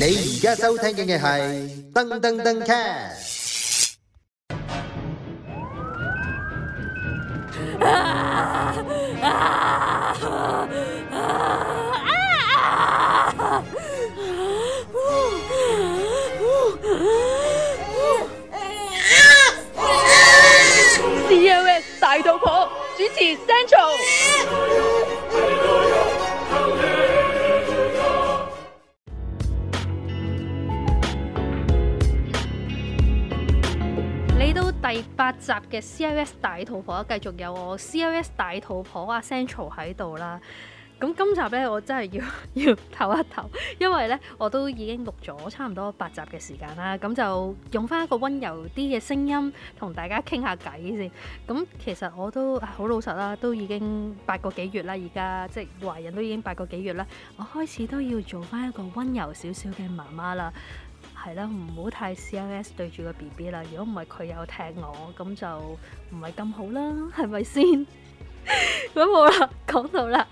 你而家收聽嘅係登登登 cat。COS 大肚婆主持 Central。八集嘅 CIS 大肚婆，繼續有我 CIS 大肚婆阿 Central 喺度啦。咁、 啊、今集咧，我真係要要唞一唞，因為咧我都已經錄咗差唔多八集嘅時間啦。咁就用返一個溫柔啲嘅聲音同大家傾下偈先。咁其實我都好老實啦，都已經八個幾月啦，而家即係懷孕都已經八個幾月啦。我開始都要做返一個溫柔少少嘅媽媽啦。係啦，唔好太 CNS 對住個 BB 啦。如果唔係佢有踢我，咁就唔係咁好啦，係咪先？咁 好啦，講到啦。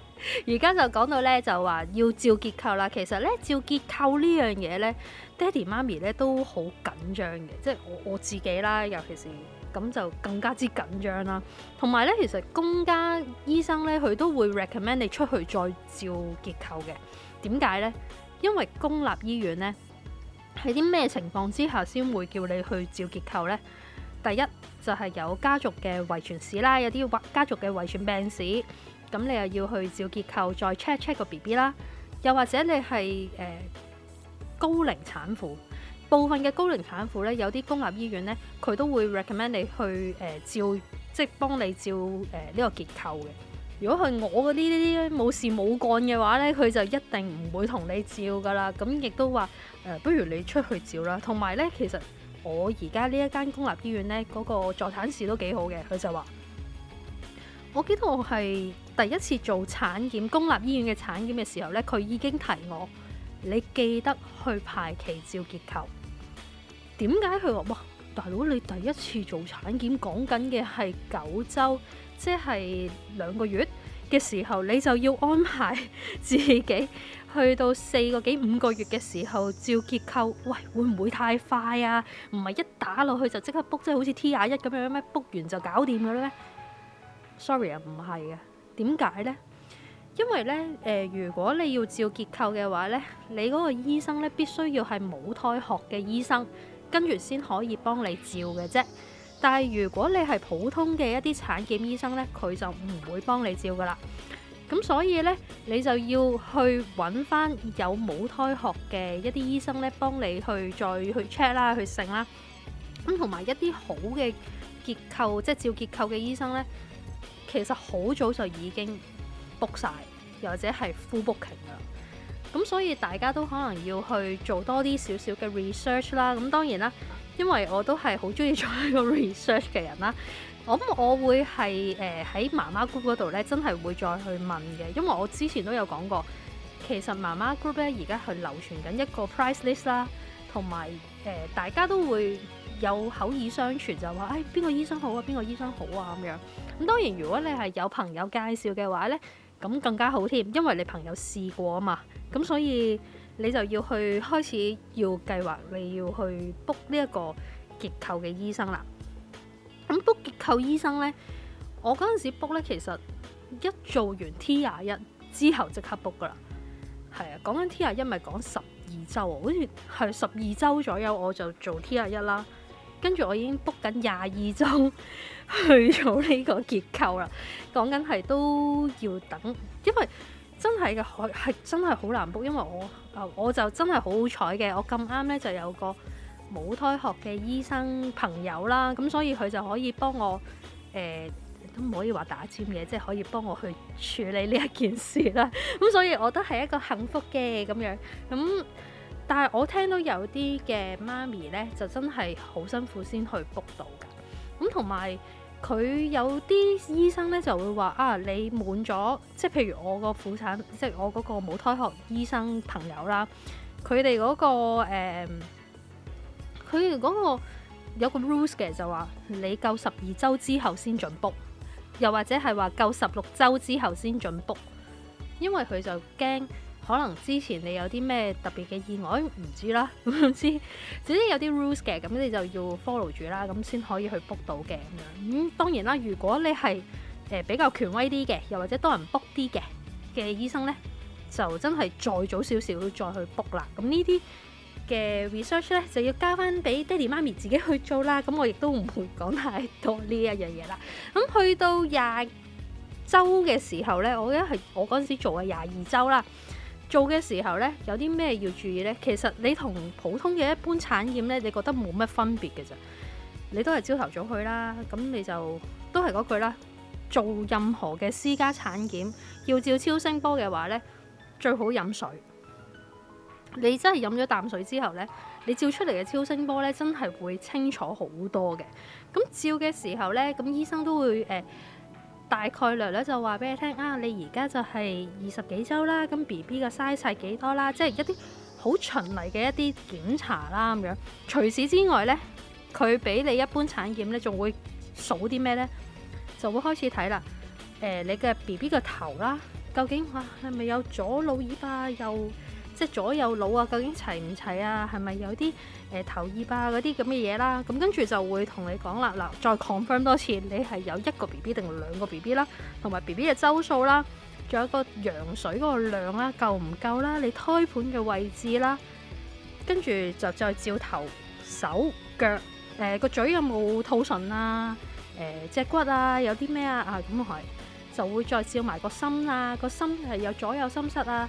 而家就講到咧，就話要照結構啦。其實咧，照結構呢樣嘢咧，爹哋媽咪咧都好緊張嘅，即係我我自己啦，尤其是咁就更加之緊張啦。同埋咧，其實公家醫生咧，佢都會 recommend 你出去再照結構嘅。點解咧？因為公立醫院咧。喺啲咩情況之下先會叫你去照結構呢？第一就係、是、有家族嘅遺傳史啦，有啲家族嘅遺傳病史，咁你又要去照結構再 check check 個 BB 啦。又或者你係誒、呃、高齡產婦，部分嘅高齡產婦呢，有啲公立醫院呢，佢都會 recommend 你去誒照，即係幫你照誒呢、呃這個結構嘅。如果係我嗰啲啲冇事冇幹嘅話呢，佢就一定唔會同你照㗎啦。咁亦都話誒、呃，不如你出去照啦。同埋呢，其實我而家呢一間公立醫院呢，嗰、那個助產士都幾好嘅。佢就話：我記得我係第一次做產檢，公立醫院嘅產檢嘅時候呢，佢已經提我，你記得去排期照結構。點解佢話哇，大佬你第一次做產檢講緊嘅係九週？即係兩個月嘅時候，你就要安排自己去到四個幾五個月嘅時候照結構。喂，會唔會太快啊？唔係一打落去就即刻 book，即係好似 T 二一咁樣咩？book 完就搞掂嘅咧？Sorry 啊，唔係嘅。點解呢？因為呢，誒、呃，如果你要照結構嘅話呢，你嗰個醫生呢，必須要係母胎學嘅醫生，跟住先可以幫你照嘅啫。但係如果你係普通嘅一啲產檢醫生呢，佢就唔會幫你照噶啦。咁所以呢，你就要去揾翻有母胎學嘅一啲醫生呢，幫你去再去 check 啦，去性啦。咁同埋一啲好嘅結構，即係照結構嘅醫生呢，其實好早就已經 book 晒，又或者係 full booking 噶啦。咁所以大家都可能要去做多啲少少嘅 research 啦。咁當然啦。因為我都係好中意做一個 research 嘅人啦，咁我，我會係誒喺媽媽 group 嗰度咧，真係會再去問嘅。因為我之前都有講過，其實媽媽 group 咧而家係流傳緊一個 price list 啦，啊，同埋誒大家都會有口耳相傳就話，誒、哎、邊個醫生好啊，邊個醫生好啊咁樣。咁當然如果你係有朋友介紹嘅話咧，咁更加好添，因為你朋友試過啊嘛，咁所以。你就要去開始要計劃，你要去 book 呢一個結構嘅醫生啦。咁 book 結構醫生呢，我嗰陣時 book 呢，其實一做完 T 廿一之後即刻 book 噶啦。係啊，講緊 T 廿一咪講十二週，好似係十二週左右我就做 T 廿一啦。跟住我已經 book 緊廿二週去做呢個結構啦。講緊係都要等，因為。真係嘅，係真係好難 book，因為我啊，我就真係好好彩嘅，我咁啱咧就有個母胎學嘅醫生朋友啦，咁所以佢就可以幫我誒、呃，都唔可以話打尖嘅，即係可以幫我去處理呢一件事啦。咁所以我都係一個幸福嘅咁樣。咁但係我聽到有啲嘅媽咪咧，就真係好辛苦先去 book 到㗎。咁同埋。佢有啲醫生咧就會話啊，你滿咗，即係譬如我個婦產，即係我嗰個母胎學醫生朋友啦，佢哋嗰個誒，佢如果我有個 rules 嘅就話，你夠十二週之後先準 book，又或者係話夠十六週之後先準 book，因為佢就驚。可能之前你有啲咩特別嘅意外唔知啦，唔知，總 之有啲 rules 嘅，咁你就要 follow 住啦，咁先可以去 book 到嘅咁樣。咁、嗯、當然啦，如果你係誒、呃、比較權威啲嘅，又或者多人 book 啲嘅嘅醫生咧，就真係再早少少再去 book 啦。咁呢啲嘅 research 咧，就要交翻俾爹哋媽咪自己去做啦。咁我亦都唔會講太多呢一樣嘢啦。咁去到廿週嘅時候咧，我咧係我嗰陣時做嘅廿二週啦。做嘅時候呢，有啲咩要注意呢？其實你同普通嘅一般產檢呢，你覺得冇乜分別嘅咋。你都係朝頭早去啦，咁你就，都係嗰句啦。做任何嘅私家產檢，要照超聲波嘅話呢，最好飲水。你真係飲咗啖水之後呢，你照出嚟嘅超聲波呢，真係會清楚好多嘅。咁照嘅時候呢，咁醫生都會誒、呃大概略略就話俾你聽啊，你而家就係二十幾周啦，咁 B B 個 size 係幾多啦，即係一啲好循例嘅一啲檢查啦咁樣。除此之外咧，佢俾你一般產檢咧，仲會數啲咩咧？就會開始睇啦。誒、呃，你嘅 B B 個頭啦，究竟哇，係、啊、咪有左腦耳巴？右？即係左右腦啊，究竟齊唔齊啊？係咪有啲誒頭癲啊嗰啲咁嘅嘢啦？咁跟住就會同你講啦，嗱，再 confirm 多次，你係有一個 B B 定兩個 B B 啦，同埋 B B 嘅周數啦，仲有個羊水嗰個量啦，夠唔夠啦？你胎盤嘅位置啦，跟住就再照頭手腳，誒個嘴有冇兔唇啊？誒、呃、隻骨啊，有啲咩啊？啊咁啊係，就會再照埋個心啦，個心係有左右心室啊。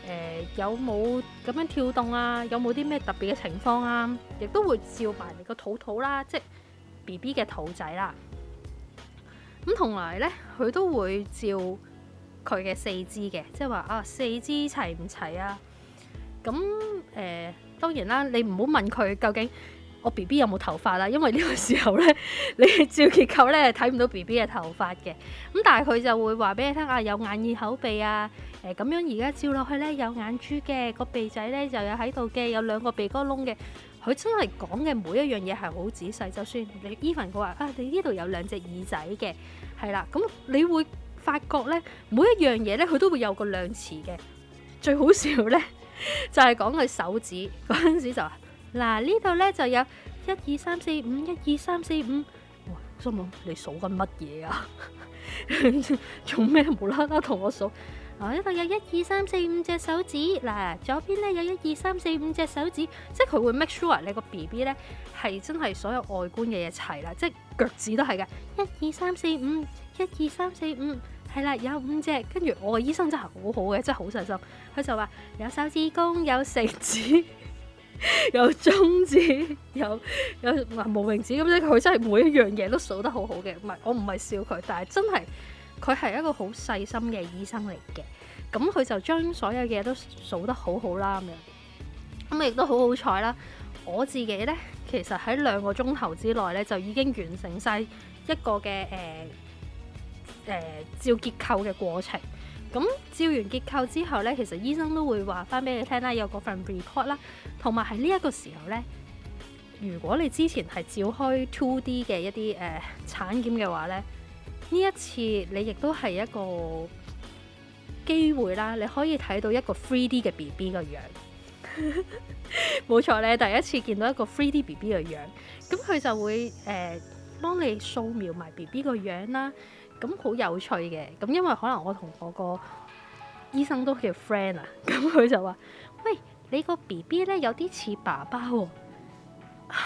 誒、呃、有冇咁樣跳動啊？有冇啲咩特別嘅情況啊？亦都會照埋你個肚肚啦，即係 BB 嘅肚仔啦。咁同埋咧，佢都會照佢嘅四肢嘅，即係話啊，四肢齊唔齊啊？咁誒、呃，當然啦，你唔好問佢究竟。我 B B 有冇頭髮啦？因為呢個時候呢，你照結構呢，睇唔到 B B 嘅頭髮嘅。咁但係佢就會話俾你聽啊，有眼耳口鼻啊。誒、呃、咁樣而家照落去呢，有眼珠嘅，個鼻仔呢，就有喺度嘅，有兩個鼻哥窿嘅。佢真係講嘅每一樣嘢係好仔細，就算你 even 佢話啊，你呢度有兩隻耳仔嘅，係啦。咁你會發覺呢，每一樣嘢呢，佢都會有個量詞嘅。最好笑呢，就係講佢手指嗰陣時就。嗱，呢度咧就有一二三四五，一二三四五。哇！心諗你數緊乜嘢啊？做咩無啦啦同我數？啊，呢度有一二三四五隻手指。嗱，左邊咧有一二三四五隻手指，即係佢會 make sure 你個 B B 咧係真係所有外觀嘅嘢齊啦，即係腳趾都係嘅。一二三四五，一二三四五，係啦，有五隻。跟住我個醫生真係好好嘅，真係好細心。佢就話有手指公，有食指。 有中指，有有唔無名指咁啫。佢真係每一樣嘢都數得好好嘅。唔係，我唔係笑佢，但係真係，佢係一個好細心嘅醫生嚟嘅。咁佢就將所有嘢都數得好好啦。咁樣，咁亦都好好彩啦。我自己呢，其實喺兩個鐘頭之內呢，就已經完成晒一個嘅誒誒，照結構嘅過程。咁照完結構之後咧，其實醫生都會話翻俾你聽啦，有嗰份 report 啦，同埋喺呢一個時候咧，如果你之前係照開 two D 嘅一啲誒、呃、產檢嘅話咧，呢一次你亦都係一個機會啦，你可以睇到一個 three D 嘅 B B 個樣。冇 錯咧，第一次見到一個 three D B B 嘅樣，咁佢就會誒、呃、幫你掃描埋 B B 個樣啦。咁好有趣嘅，咁因為可能我同我個醫生都叫 friend 啊，咁佢就話，喂，你個 B B 咧有啲似爸爸喎、哦，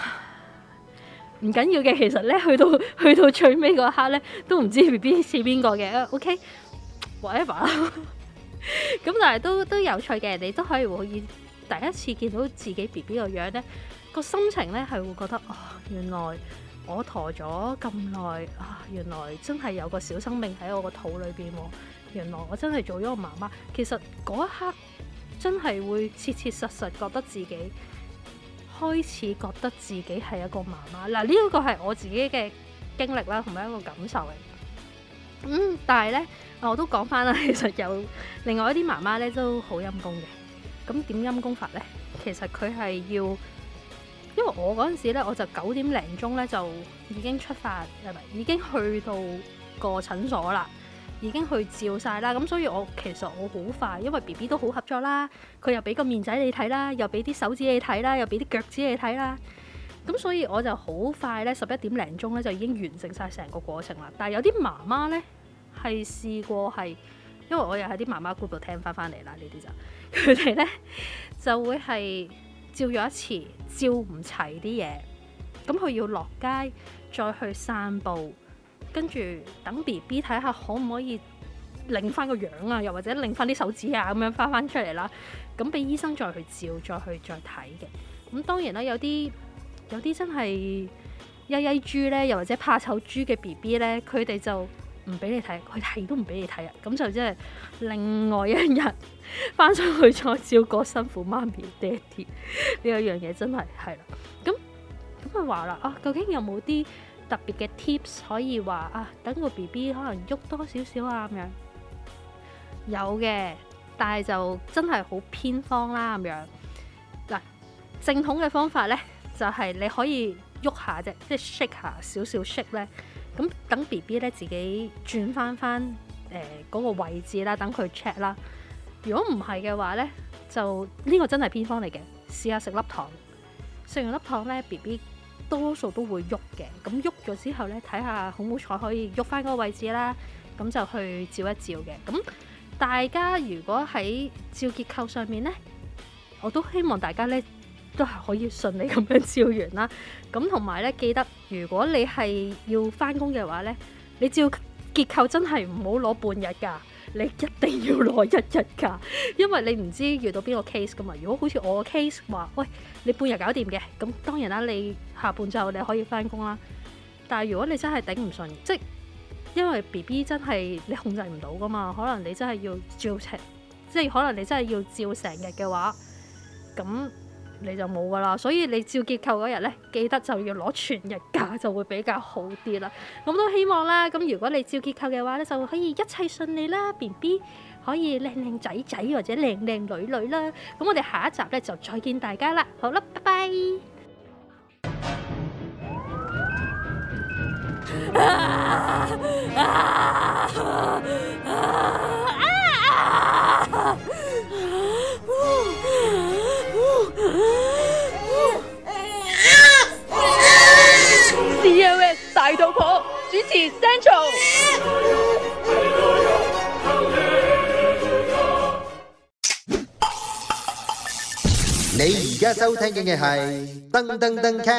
唔緊要嘅，其實咧去到去到最尾嗰刻咧，都唔知 B B 似邊個嘅，OK，whatever 啦。咁 Okay, whatever. 但係都都有趣嘅，你都可以會第一次見到自己 B B 個樣咧，個心情咧係會覺得，哦，原來。我陀咗咁耐，啊，原來真係有個小生命喺我個肚裏邊喎！原來我真係做咗個媽媽。其實嗰一刻真係會切切實實覺得自己開始覺得自己係一個媽媽。嗱、啊，呢、這、一個係我自己嘅經歷啦，同埋一個感受嚟。咁、嗯、但係呢，我都講翻啦，其實有另外一啲媽媽呢都好陰功嘅。咁點陰功法呢？其實佢係要。因為我嗰陣時咧，我就九點零鐘咧就已經出發，係咪？已經去到個診所啦，已經去照晒啦。咁所以我其實我好快，因為 B B 都好合作啦，佢又俾個面仔你睇啦，又俾啲手指你睇啦，又俾啲腳趾你睇啦。咁所以我就好快咧，十一點零鐘咧就已經完成晒成個過程啦。但係有啲媽媽咧係試過係，因為我又喺啲媽媽 group 度聽翻翻嚟啦，呢啲就佢哋咧就會係。照咗一次，照唔齊啲嘢，咁佢要落街再去散步，跟住等 B B 睇下可唔可以擰返個樣啊，又或者擰返啲手指啊咁樣返返出嚟啦，咁俾醫生再去照，再去再睇嘅。咁當然啦，有啲有啲真係曳曳豬咧，又或者怕醜豬嘅 B B 咧，佢哋就～唔俾你睇，佢睇都唔俾你睇啊！咁就即係另外一日翻上去再照過，辛苦媽咪爹哋，呢樣嘢真係係啦。咁咁佢話啦，啊？究竟有冇啲特別嘅 tips 可以話啊？等個 B B 可能喐多少少啊咁樣。有嘅，但係就真係好偏方啦咁樣。嗱，正統嘅方法咧，就係你可以喐下啫，即係 shake 下少少 shake 咧。咁等 B B 咧自己轉翻翻誒嗰個位置啦，等佢 check 啦。如果唔係嘅話咧，就呢個真係偏方嚟嘅，試下食粒糖。食完粒糖咧，B B 多數都會喐嘅。咁喐咗之後咧，睇下好唔好彩可以喐翻嗰個位置啦。咁就去照一照嘅。咁大家如果喺照結構上面咧，我都希望大家咧。都係可以順利咁樣照完啦。咁同埋咧，記得如果你係要翻工嘅話咧，你照結構真係唔好攞半日㗎，你一定要攞一日㗎。因為你唔知遇到邊個 case 噶嘛。如果好似我 case 話，喂，你半日搞掂嘅，咁當然啦，你下半晝你可以翻工啦。但係如果你真係頂唔順，即因為 B B 真係你控制唔到噶嘛，可能你真係要照成，即係可能你真係要照成日嘅話，咁。你就冇噶啦，所以你照結構嗰日呢，記得就要攞全日假就會比較好啲啦。咁都希望啦，咁如果你照結構嘅話呢，就可以一切順利啦，BB 可以靚靚仔仔或者靚靚女女啦。咁我哋下一集呢就再見大家啦，好啦，拜拜。大家收聽嘅係《噔噔噔車》。